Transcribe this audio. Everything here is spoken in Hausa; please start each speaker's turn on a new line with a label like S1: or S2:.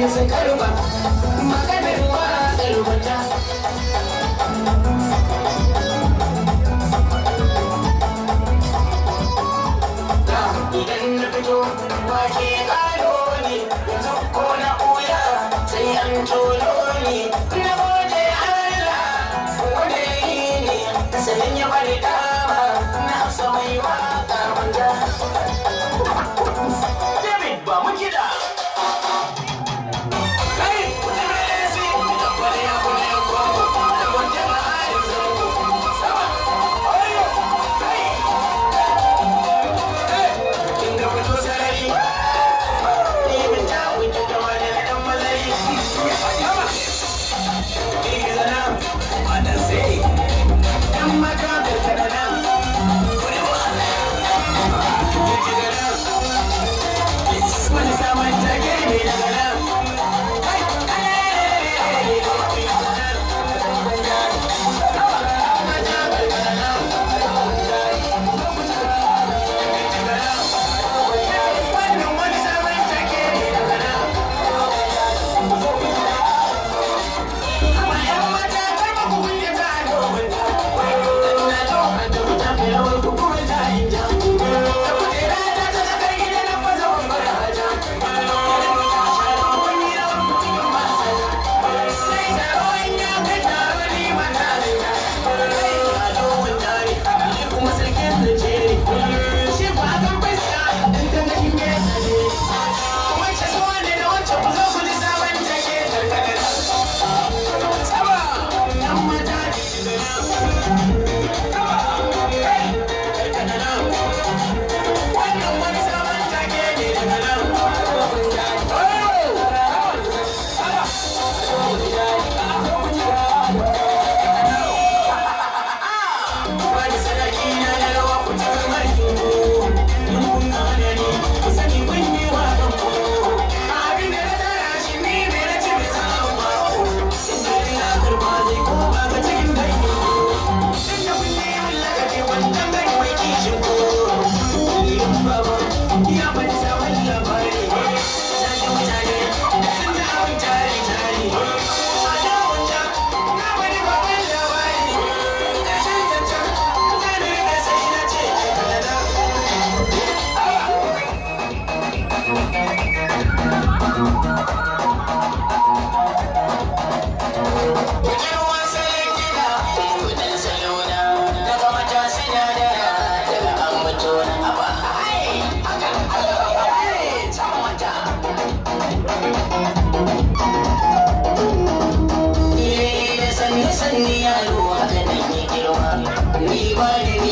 S1: sai su karba maganar ba karwata idan na fito wake play.